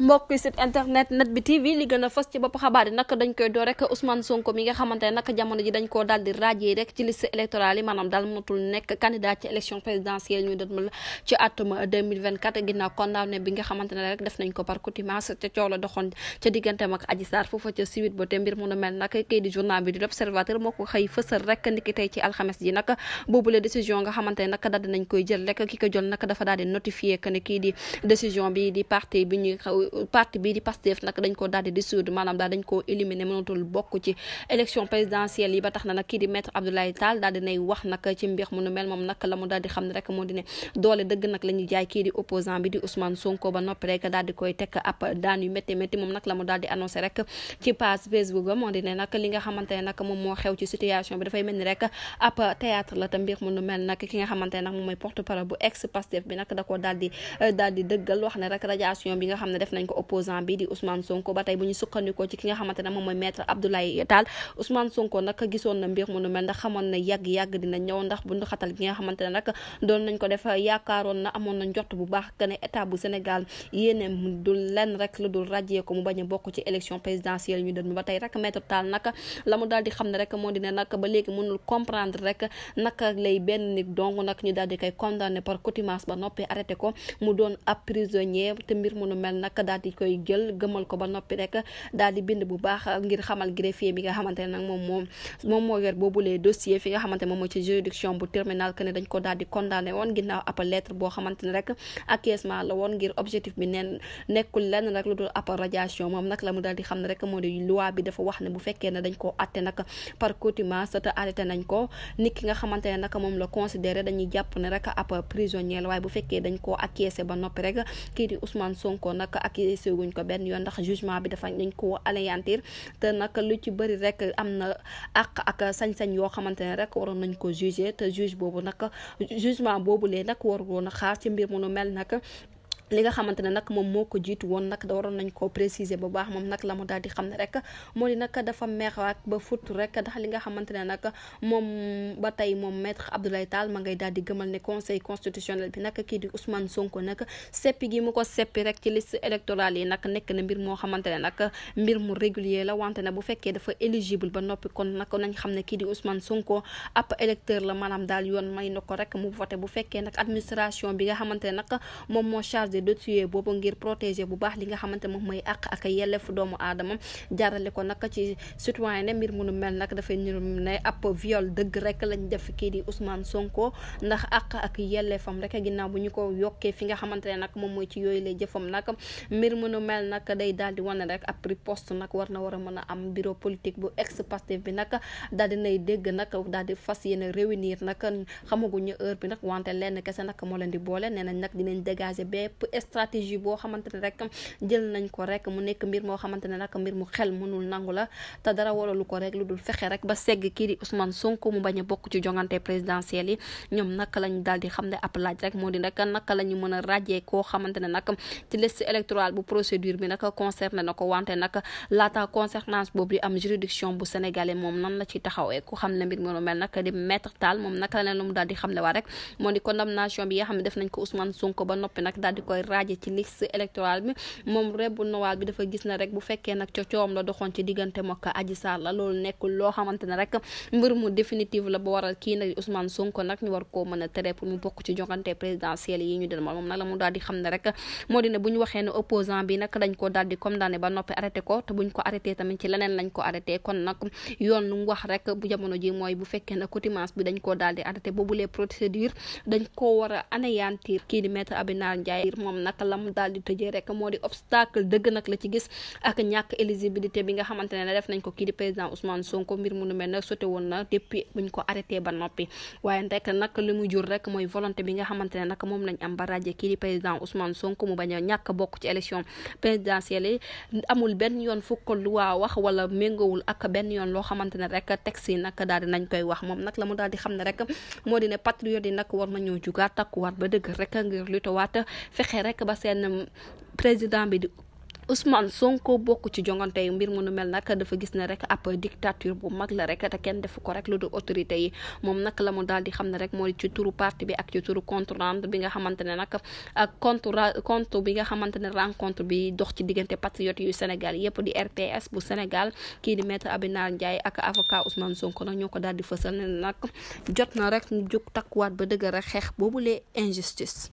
mbokk site internet net bi tv li fës ci bopp xabaar yi nag dañ koy door rek ci liste électorale yi maanaam daal mënatul nekk candidat ci élection présidentielle ci atum 2024 ginnaaw condamné bi foofa ca suite ba te mbir mu mel nag kii journal bi di l'observateur moo ko xëy fësal rek niki tey ci alxames ji nag boobule décision nga xamante ne nag nañ koy jël rek ki ko jël dafa daal di notifier que ne kii décision bi di parti parti bii di Pastef nag dañ ko daal di dissoudre maanaam daal dañ koo éliminer mënatul bokk ci élection présidentielle yi ba tax na nag kii di maître Abdoulaye Tall daal nay wax nag ci mbir mu nu mel moom la mu daal di rek ci page bi dafay mel ni rek ab théâtre la te mbir mu nu mel nag ki nga xamante ne moom mooy porte-parole bu ex Pastef bi nag da koo daal dëggal wax ne rek radiation bi nga xam ne def def nañ ko opposant bi di Ousmane Sonko ba tey bu ñu sukkandikoo ci ki nga xamante ne moom mooy maître Abdoulaye Tall Ousmane Sonko nag gisoon na mbir mu nu mel yàgg-yàgg dina ñëw ndax bundu xatal gi nga xamante ne nag doon nañ na amoon na njort bu baax que ne état bu Sénégal yéene du lenn rek lu dul rajee ko mu bañ a bokk ci élection présidentielle ñu dem ba tey rek maître Tall nag la daal di xam ne rek moo di ne nag ba léegi mënul comprendre rek naka lay benn nit dong nag ñu daal di koy condamné par contumace ba noppi arrêté ko mu doon ab prisonnier te nu mel nag daal di koy jël gëmal ko ba noppi rek daal di bind bu baax ngir xamal greffier bi nga xamante ne moom ko daal di condamné woon ginnaaw ab lettre boo xamante ne rek acquiescement la woon ngir objectif bi neen nekkul la mu daal di xam ne rek moo di loi bi dafa wax ne ko nit ki nga xamante ne nag dañuy jàpp ne rek ab prisonnier la waaye bu fekkee dañ koo acquiescé ba noppi rek kii di Sonko nag accusé wuñ ko benn yoon ndax jugement bi dafa dañ koo anéantir te nag lu ci bëri rek am na àq ak sañ-sañ yoo xamante ne rek waroon nañ ko jugé te juge boobu nag jugement boobu lee nag waruloon a xaar ci mbir mu nu mel nag li nga xamante ne nag moom moo ko jiitu woon nag da waroon nañ koo préciser bu baax moom nag la mu daal di xam ne rek moo di nag dafa meex ak ba futt rek dafa li nga xamante ne nag moom ba tey moom maître Abdoulaye Tall ma ngay daal di gëmal ne conseil constitutionnel bi kii di Ousmane Sonko nag seppi gi mu ko seppi rek ci liste électorale yi nag nekk na mbir moo xamante ne nag mbir mu régulier la wante ne bu fekkee dafa éligible ba noppi kon nag nañ xam ne kii di Ousmane Sonko ab électeur la maanaam daal yoon may na ko rek mu voté bu fekkee nag administration bi nga xamante ne nag moom protéger de boobu ngir protégé bu baax li nga xamante moom mooy àq ak yelleef doomu aadama jarale ko nag ci citoyen ne mbir munu mel nag dafay niru ne ab viol dëgg rek lañ def kii di Ousmane Sonko ndax àq ak yelleefam rek ginnaaw bu ñu ko yokkee fi nga xamante ne nag moom mooy ci yooyu lay jëfam nag mbir munu mel nag day daal di wane rek ab post nag war na war a mën a am bureau politique bu ex Pastef bi nag daal di nay dégg nag daal di fas yéene réunir nag xamaguñu heure bi nag wante lenn kese nag moo leen di boole nee nañ nag dinañ dégager bépp stratégie boo xamante ne rek jël nañ ko rek mu nekk mbir moo xamante ne nag mbir mu xel mënul nangu la te dara waralu ko rek lu dul fexe rek ba segg kii di Ousmane Sonko mu bañ a bokk ci jongante présidentielle yi ñoom naka lañ daal di xam ne ab laaj rek moo di rek naka la ñu mën a ràjjee xamante ne nag ci liste électorale bu procédure bi nag concerné na ko wante nag laata concernance boobu di am juridiction bu sénégalais moom nan la ci taxawee ku xam ne mbir mu mel nag di maître Tall moom naka la ne lu mu xam ne waa rek moo di condamnation bi nga xam ne def nañ ko Ousmane Sonko ba noppi nag daal di koy koy ci liste électorale bi moom rebbu nowaal bi dafa gis na rek bu fekkee nag cocoom la doxoon ci diggante mook Adji Sarr la loolu nekkul loo xamante rek mbir mu la ba waral kii nag Ousmane nag ñu war koo mën tere pour mu bokk ci joŋante présidentielle yi ñu del moom nag la mu daal di xam ne rek moo dina buñ ko arrêté tamit ci leneen lañ ko arrêté kon nag yoon lu wax rek bu ji mooy bu fekkee ne coutumance bi dañ ko daal di moom nag la mu daal di tëjee rek moo di obstacle dëgg nag la ci gis ak ñàkk éligibilité bi nga xamante ne def nañ ko kii di président Ousmane Sonko mbir mu nu mel nag sote woon na depuis ko arrêté ba noppi waaye rek nag li mu jur rek mooy volonté bi nga xamante ne nag moom lañ am ba ràjje kii di président Ousmane Sonko mu bañ a ñàkk bokk ci élection présidentielle yi amul benn yoon fukk lu waa wax wala méngowul ak benn yoon loo xamante ne rek texte yi nag daal di nañ koy wax moom nag la mu daal di xam ne rek moo di ne patriote yi nag war nañoo jugaat takkuwaat ba dëgg rek ngir lu tawaat fexe fexe rek ba seen président bi di Ousmane sonk bokk ci jongante yu mbir mu nu mel nag dafa gis ne rek ab dictature bu mag la rek te kenn defu ko rek lu du autorité yi moom nag la mu daal di xam ne rek mooy di ci turu parti bi ak ci turu compte rendu bi nga xamante ne nag ak compte compte bi nga xamante ne rencontre bi dox ci diggante patriote yu Sénégal yëpp di RTS bu Sénégal kii di maître Abinar Ndiaye ak avocat Ousmane Sonko nag ñoo ko daal di fësal ne nag jot na rek ñu takkuwaat ba dëgg rek xeex boobu lee injustice.